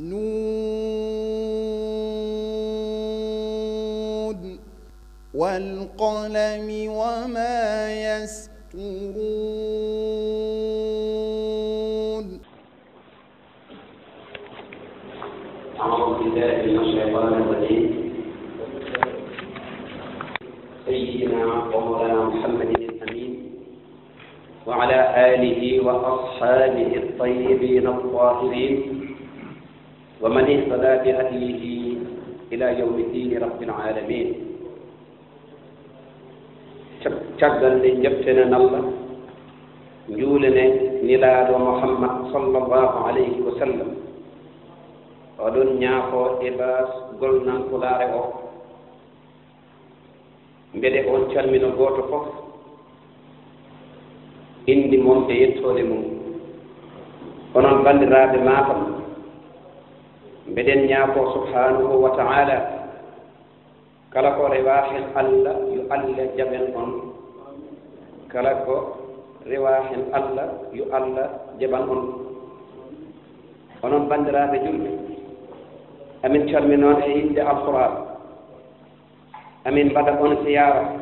نون والقلم وما يسطرون أعوذ بالله من الشيطان الرجيم سيدنا ومولانا محمد الأمين وعلى آله وأصحابه الطيبين الطاهرين ومن اهتدى بهديه إلى يوم الدين رب العالمين caggal nde jebtenen allah juulene nilaaɗo mouhammad sallllahu alayhi wa sallam oɗon ñaako e bas golnankulaare o mbeɗe on calmino gooto fof indi moon e yettoode mum onon banndiraaɓe maatam mbeɗen ñaako subhanahu wa taala kala ko rewa allah yo allah jaɓen on kala ko rewa allah yo allah jaɓan on onon banndiraaɓe julɓe amin calminoon e yimɓe alquran amin mbaɗa on siyaara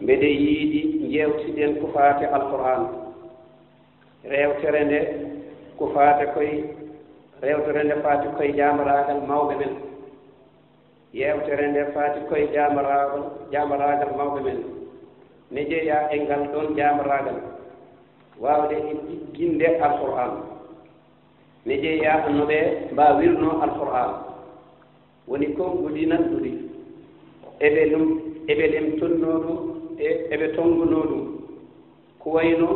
mbeɗe yiidi njewtiɗen ko faate alquran rewtere nde ko faate rewtere nde faati koye jaamaraagal mawɓe men yewtere nde faati koye jaamaraagal jaamaraagal mawɓe men ne jeeya e ɗon jaamaraagal waawde jigginde alqur'an ne jeeya no ɓe mbaawirno alqur'an woni konnguɗi nanɗuɗi eɓe ɗum eɓe ɗen e eɓe tonngunoo ɗum ko wayno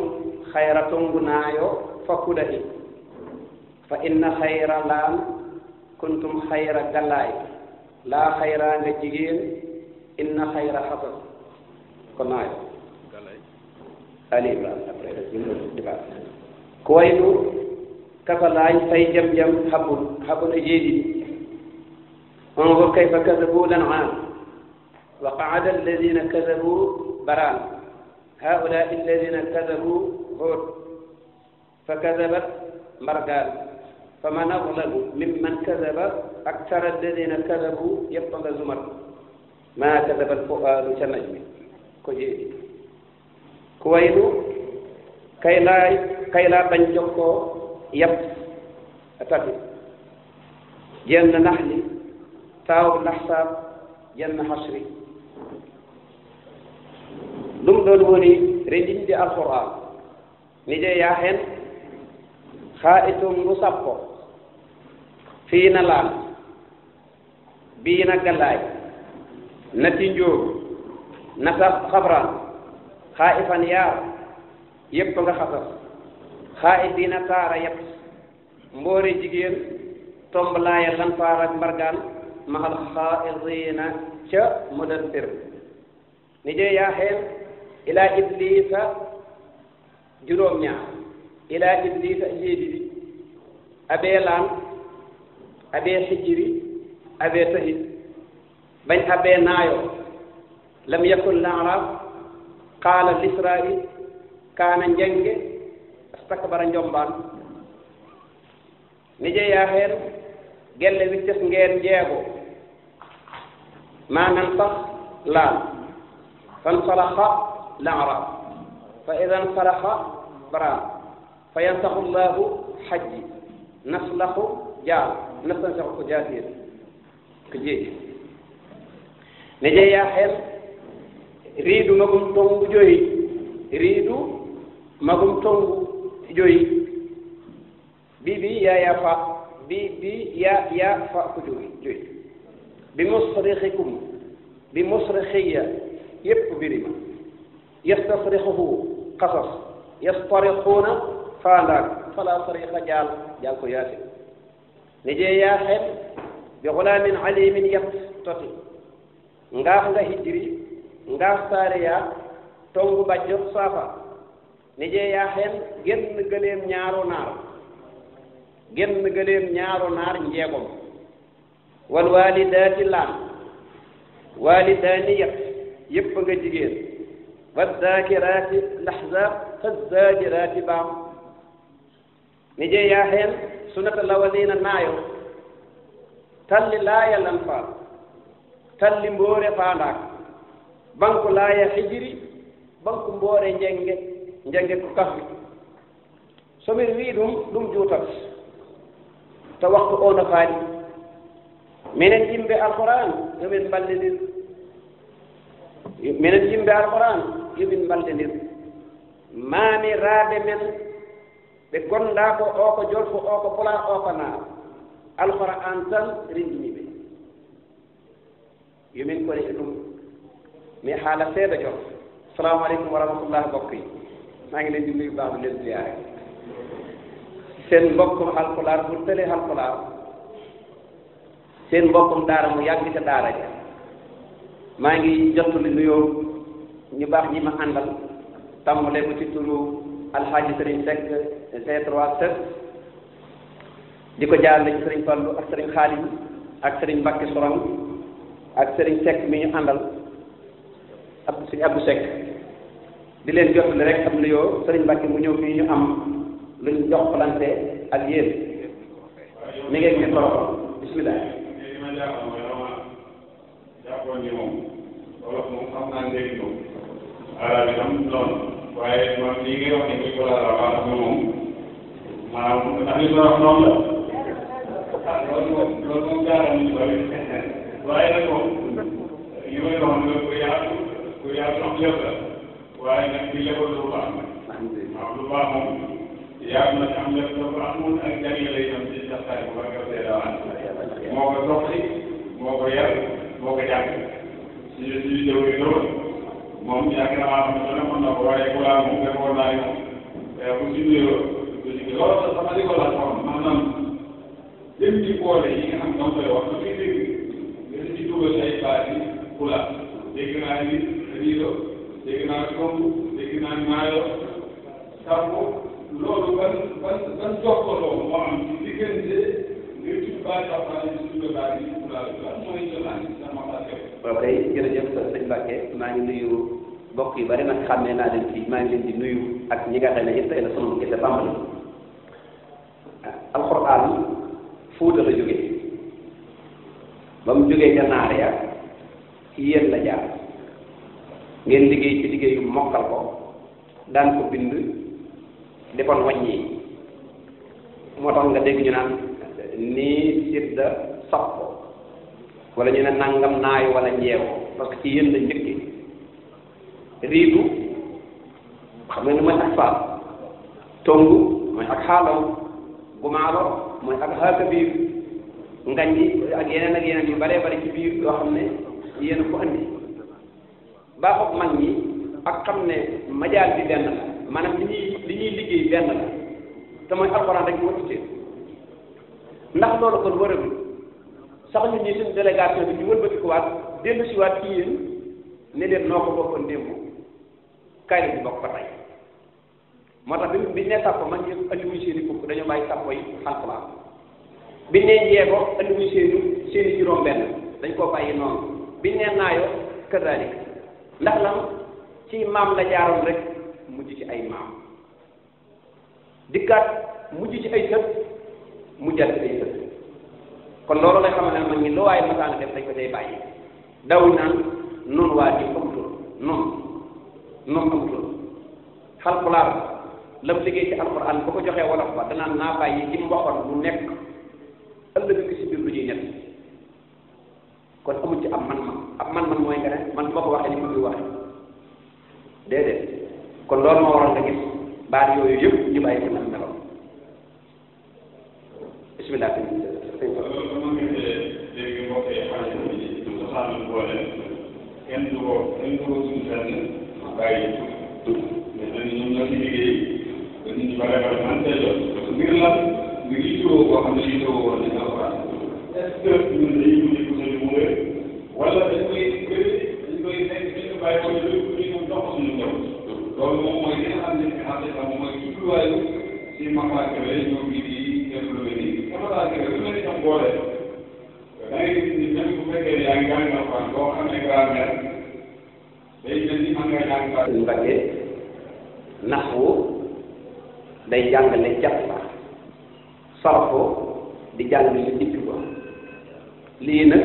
hayra tonngunaayo fa inna xayra laan kuntum xayra galaay laa xayraa nga jigéen inna xayra xasas ko naayo ali imran après diba ko wayno kasa laay fay jam jam habbun habbun e jeeɗiɗi on ko kayfa kadabu lan an wa qaada alladina kadabu baran haulai alladina kadabu hud fa kadabat mbargal faman azlamu mimman kadaba aktara alladina kadabu yettoga zumar ma kadaba alfuadu ca najmi ko jeeɗi ko wayno kayla kayla ɓañ jokko yab a nahli taw lahsab jenna hasri ɗum ɗon woni reɗinde ni jeeya hen ha e tongu sappo fii na laam bii na gallaay na tinjoo na xabraan xaa ifan yaar yépp nga xasas xaa i diina taara yépp mboori jigéen tomb laaya lan faar ak mbargaan maxal xaa isiina ca mudassir ni jee yaa xeen ilaa iblisa juróom ñaar ilaa iblisa jéedi bi abeelaan aɓee hijiri aɓee tahi bañ aɓee naayo lam yakun l arab qala l israil kana njenge astakbara jombaan mi jeeya heen gelle wittas ngeen jeego ma nan sax laal fan falaha l arab fa idan falaha braan fa yansahu llahu hajji naslahu jaal nastansahu ko jaatiyel ko jeeƴi ne ƴeeya heen riidu magum tonngu joyi riidu magum tonngu joyi bibi yaya fa bibi ya ya fa ko joyi joyi bi musrihikum bi musrihiya yépp birima yastasrihuhu qasas yastarihuna fandaak fala sariha jaal jaal ko yaati nejeeyahen ɓe gulamin alimin yettoti ngaafnga hiddiri ngaaftareya tongu ɓajjo safa nejeeya hen genn geleem ñaaro naar genn geleem ñaaro naar njeegom wal walidati laan walidani yet yëpp nga jigéen waddakirati lahza fazajirati baam mijeeya heen sunata lawalina naayo talli laayalan faal talli mboore faandaaka banko laaya hijiri banko mboore njenge njenge ko kahwi somin wii ɗum ɗum juutat to waktu o no faali minen yimɓe alquran yomin mballidir minen yimɓe alquran yomin mballidir maami raaɓe men ɓe gonɗa ko o ko jolfo o ko pula o ko naa alqora tan renndini ɓe yomin kone e ɗum mais haala seeɗa jof salamu aleykum wa rahmatullah mbokk yi maa ngi leen di nuyu baax leen ziyaare seen mbokkum alpulaar bu tële alpulaar seen mbokkum daara mu yàgg ca daara ja maa ngi jottali nuyoo ñu baax ñi ma àndal tàmbalee ko ci turu alxaaji sëriñ Seck C3 di ko jaarale ci sëriñ Fallu ak sëriñ Xaalim ak sëriñ Mbacke Sorong ak sëriñ Seck mi ñu àndal ak sëriñ Abdou Seck di leen jottali rek am nuyoo sëriñ Mbacke mu ñëw fii ñu am luñ jox planté ak yéen mi ngi ngi toroxal bismillah waaye man lii ngay wax ne koy ko laal waaw xam nga moom maanaam ndax li ma wax noonu la ah loolu moom loolu moom jaaxal nañu bëri waaye nag moom li may wax ne ku yaatu ku yaatu am lépp la waaye nag di lebal lu baax waaw lu baax moom yaatu na ci am lépp la baax moom ak jagle lay am ci taxaay bu baax ak day daan moo ko soxli moo ko yar moo ko jàng si si jëw yi moom yàgg na maa xam ne dana mën na ko waaye wala moom fekkoon naa ne moom eh, bu si nuyoo du si gën loolu sax sama li ko laaj xam maanaam dem ci boole yi nga xam ne wax ba muy dégg nga ci dugal ay baat yi pula dégg naa ni riido dégg naa tomb dégg naa maayo sàmm loolu ban ban ban jokkaloo moo am ci diggante nga tudd baat Alxuraan yi ci dugal baat yi pula lan mooy jëlaat sama ok jërëjëf sëñ Mbacke maa ngi nuyu bokk yu bari nag xàmmee naa leen fii maa ngi leen di nuyu ak ñi nga xam ne yëpp tey la sunu gis tàmbali ah, alxuraan fuuta la jógee ba mu jógee ca ya ci yéen la jaar ngeen liggéey ci liggéey yu mokkal ko daan ko bind defoon wàññi moo tax nga dégg ñu naan nii sidda sopp wala ñu ne nangam naayu wala njeew parce que ci yéen la njëkki riidu xam nga ni mooy ak faam tongu mooy ak xaalaw gumaalo mooy ak xaaka biir ngañ yi ak yeneen ak yeneen yu baree bari ci biir yoo xam ne yéen ko andi baaxoog mag ñi ak bi benn la maanaam li ñuy li ñuy liggéey benn la te mooy alxuraan rek moo tuddee ndax loolu kon wërëm sax ñun ñi suñu délégation bi ñu wëlbatikuwaat dellu si waat ci yéen ne leen noo ko bokkoon démb ka bi ñu bokk ba tey moo bi biñ ne sàpp mag ñëpp andi wuñ seen i fukk dañoo bàyyi sàpp ne njeego andi wuñ seen i seen dañ koo bàyyi noonu biñ ne naayo kadalik ndax lan ci maam la jaaroon rek mujj ci ay maam dikkaat mujj ci ay sët mujjaat ci ay sët kon loolu lay xamal ne mag ñi lu waaye masaana def dañ ko day bàyyi daw naan waa di ëmtul noonu noom amutoon xalkulaar la mu liggéey ci alxuraan ba ko joxee wolof ba danaan naa bàyyi ci mboxoon mu nekk ëllëg gi si biir lu ñuy ñett kon amul ci am man-man ab man-man mooy nga ne man bu ma ko waxee ni ma koy waxee déedéet kon loolu moo waral nga gis baat yooyu yëpp ñu bàyyi ci meloon bismillah bàyyi tur mais dañu ñoom ñoo ci liggéey dañu ci bare bare man tey jot parce que ngir lan ngir yittewoo boo xam ne yittewoo woon nañu alquran est-ce que ñun dañuy mujj ko suñu muure wala dañ koy bëri dañ koy nekk ci ñu bàyyi ko ñu ñu ñu dox suñu ñëw loolu moom mooy li nga xam ne xam ne moom mooy ci si maqaat yooyu ñoom Mbàkke naxwu day jàngale jàpp ba sarfu di jàngale dikk ba lii nag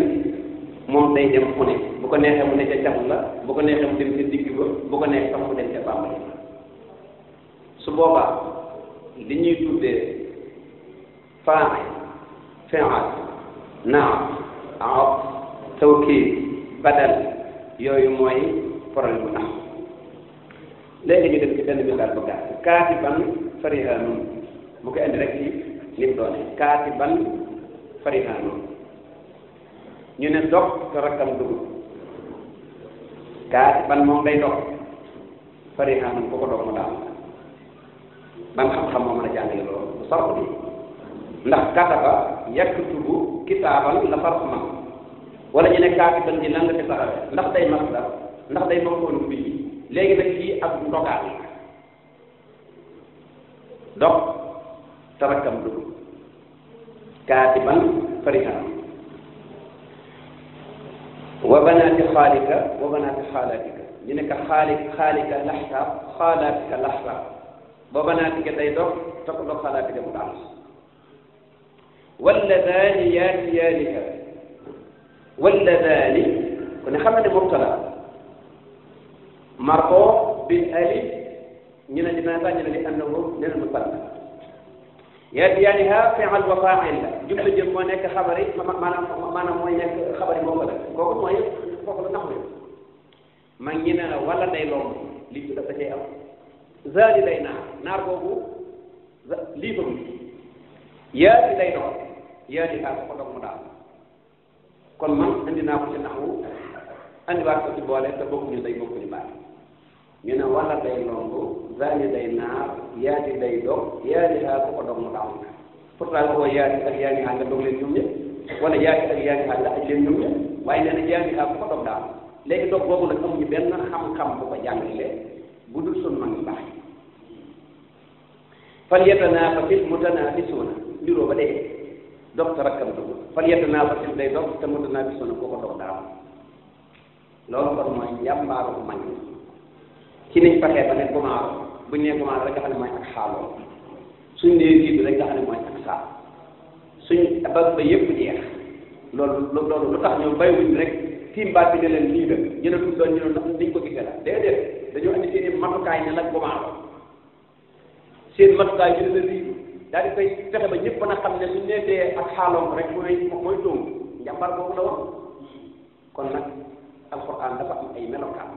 moom day dem fu bu ko neexee mu ne ca jàpp la bu ko neexee mu dem ca digg ba bu ko neexee sax mu dem ca bàmbali su boobaa li ñuy tuddee faay fi'aat naam aab tawkiid badal yooyu mooy problème bu nax léegi ñu def ci benn misaal bu gàtt kaatiban farihanun bu ko indi rek ci li mu doone kaatiban farihanun ñu ne dog te rakkam dugub kaatiban moom day dog farihanun ku ko dog mu daal ban xam-xam moo mën a jàngale loolu bu sax bi ndax kataba yaktubu kitaaban la farx man wala ñu ne kaatiban ji lan la ci saxale ndax day masdar ndax day maf'ul bihi léegi nag kii ak ndogaal dox tarakam dugg kaatiban farihan wa banaati xaalika wa banaati xaalatika ñu ne ka xaalik xaalika laxsaab xaalaatika laxsaab ba banaatika day dox te ko dox xaalaatika mu daal walladaani yaatiyaani ka walladaani ku ne xam ne mubtala marfuu bil alif ñu ne li maanaam ñu ne li annahu lil musanna yaaniha fi'l wa faa'il la jumla jëm moo nekk xabari maanaam maanaam ma nekk xabari boobu la kooku mooy kooku la naxu ma ngi ne la wala day lomb lii bi dafa cay am zaadi lay naar naar boobu lii ba mu yaa di lay doon yaa di xaar ko dog mu daal kon man andi naa ko ci naxu andi waat ko ci boole te bokkuñu day bokkuñu ñu ne wala day lonku zaani day naar yaati day dox yaati xaar ku ko dox mu taxaw na pourtant ko yaati ak yaa ngi xaar nga dox leen ñoom ñëpp wala yaati ak yaa ngi xaar nga aj leen ñoom ñëpp waaye nee na yaati xaar ku ko dox daal léegi dox boobu nag amuñu benn xam-xam bu ko jàngale bu dul sun mag baax yi fal yatanaafasil mutanaafisuuna niroo ba dee dox te rakkam dugg fal yatanaafasil day dox te mutanaafisoona koo ko dox daal loolu kon mooy njàmbaaru mag ñi ci niñ fexee ba ne gumaar buñ nee gumaar rek nga xam ne mooy ak xaaloo suñ nee jiitu rek nga ne mooy ak saal suñ ba ba yëpp jeex loolu loolu lu tax ñoom bàyyiwuñ rek tiim baat bi ne leen lii la ñu ko dañoo andi seen i matukaay ne nag gumaar ñu ne la lii daal di ba ñëpp na a xam ne suñ nee dee ak xaaloo rek mooy mooy tóob njàmbar boobu la woon kon nag alxuraan dafa am ay melokaan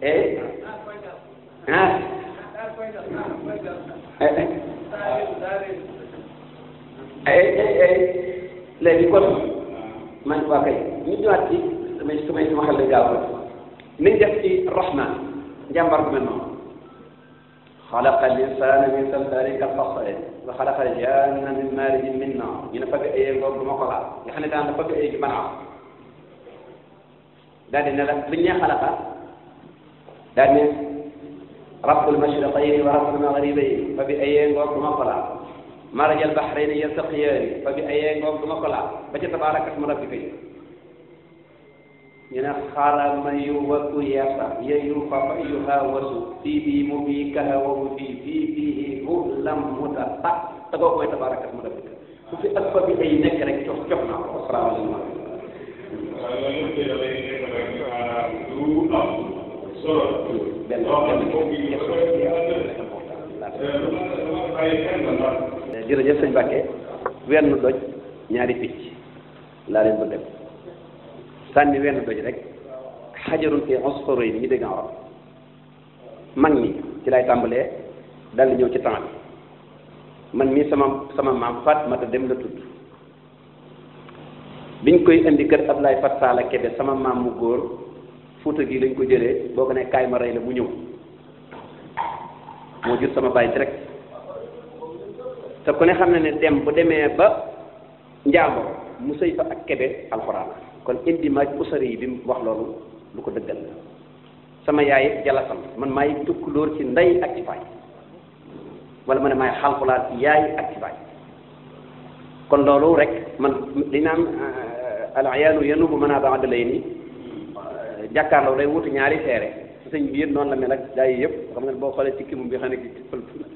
eh ah léegi kon man waa kay ñu ñëwaat ci damay su may sama xel la gaaw nañ def ci rahman njàmbar bu mel noonu xalaqa linsana min salsalin kal faxsal wa xalaqa janna min maarijin min naar ñu ne fagg ay ngoog du ma ko laal nga xam ne daan na fagg ay gi mën a daal di ne la li ñu xalaqa daa ne rabbul mashriqayni wa rabbul maghribayni fa bi ayee ngoog du ma ko laal marajal bahrayni yaltaqiyaani fa bi ayee ngoog du ma ko laal ba ca tabaaraka ismu rabbika ñu ne xaaral ma yu wakku yeesa ya yu fa fa yu hawasu fii bii mu bii kahawahu fii fii bii hu lam muta tax te kooku mooy tabaaraka ismu rabbika su fi ak fa bi ay nekk rek cof cof naa ko asalaamaaleykum jërëjëf sëñ Bakke wenn doj ñaari picc laa leen bëgg sànni wenn doj rek xajarun fi usfarayn yi ñu dégg arab mag ñi ci lay tàmbalee dal di ñëw ci temps bi man mii sama sama maam Fatmata dem la tudd biñ koy indi kër Ablaye Fat Sala Kébé sama maam mu góor Fuuta gi lañ ko jëlee boo ko ne kaay ma rey la mu ñëw moo jur sama baay direct te ku ne xam na ne dem bu demee ba njaago mu sëy fa ak kebe alxuraan kon indi maaj usari yi bi wax loolu lu ko dëggal la sama yaay jalasam man maay tukkulóor ci ndey ak ci baay wala ma ne maay xalxulaat ci yaay ak ci baay kon loolu rek man li naan al ayaanu yanubu mën a ba'da layli jàkkaarloo day wuti ñaari seere sëñ bi it noonu la mel ak gaa yi yëpp xam nga boo xoolee ci kii moom bi xam ne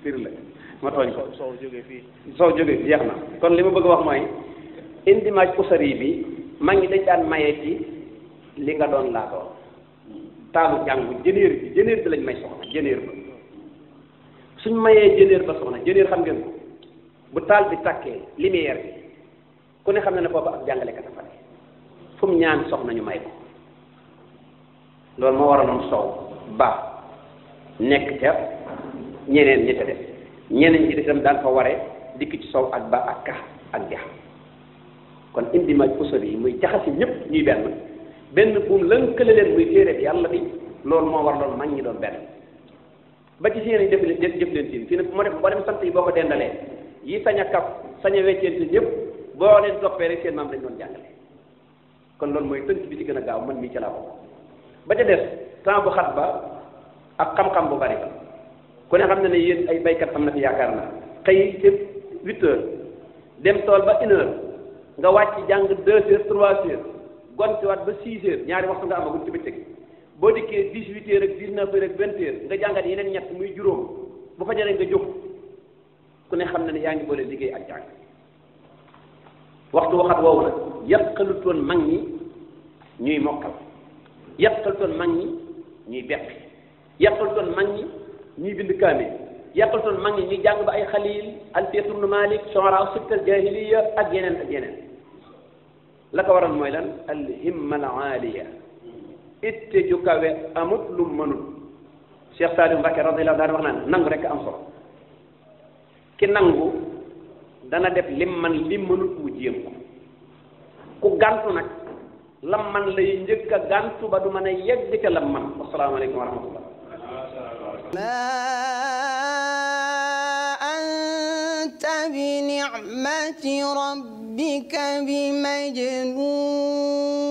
fir la ma tooñ ko soo jógee fii soo jógee fii na kon li ma bëgg a wax mooy indimage bi maa ngi dañ daan mayee ci li nga doon laa doon taalu jàngu jëneer bi jëneer bi lañ may soxna suñ mayee jëneer ba soxna jëneer xam ngeen bu taal bi tàkkee lumière bi ku ne xam ne ne foofu ak jàngalekat a fa fu mu ñaan soxna ñu may ko loolu moo waraloon sow ba nekk ca ñeneen ñi ca ñeneen ñi itam daan fa waree dikk ci sow ak ba ak ka ak ja kon indi maaj usal yi muy jaxasi ñëpp ñuy benn benn buum lënkale leen muy téere bi yàlla bi loolu moo waraloon mag ñi doon benn ba ci seen i def leen jëf leen siin fii nag moo def boo dem sant yi boo ko dendalee yi sañ a kaf sañ a wecceente ñëpp boo leen toppee rek seen maam dañ doon jàngale kon loolu mooy tënk bi ci gën a gaaw man mii ci laa bokk ba ca des temps xat ba ak xam-xam bu bari ba ku ne xam na ne yéen ay baykat am na fi yaakaar na xëy ci huit dem tool ba une nga wàcc jàng deux heures trois heures gontiwaat ba six ñaari waxtu nga amagul ci bëccëg boo dikkee dix huit heures ak dix neuf heures ak vingt heures nga jàngat yeneen ñett muy juróom bu fa jaree nga jóg ku ne xam na ne yaa ngi boole liggéey ak jàng waxtu waxat woowu nag yàqalutoon mag ñi ñuy mokkal yàqal toon mag ñi ñuy beqi yàqal toon mag ñuy bind kaamil yàqal toon mag ñuy jàng ba ay xalil alfiyatu ibnu malik sohra sittal jahiliya ak yeneen ak yeneen la ko waral mooy lan alhimma al aaliya itte ju kawe amut lu mënul Cheikh Saliou Mbacke radiyallahu daal wax naan nangu rek am solo ki nangu dana def lim man lim mënut mu jéem ko ku gàntu nag lam man lay njëkk a gàntu ba du mën a yegg ca lam man asalaamaaleykum wa rahmatullah ma anta bi ni'mati rabbika bi majnun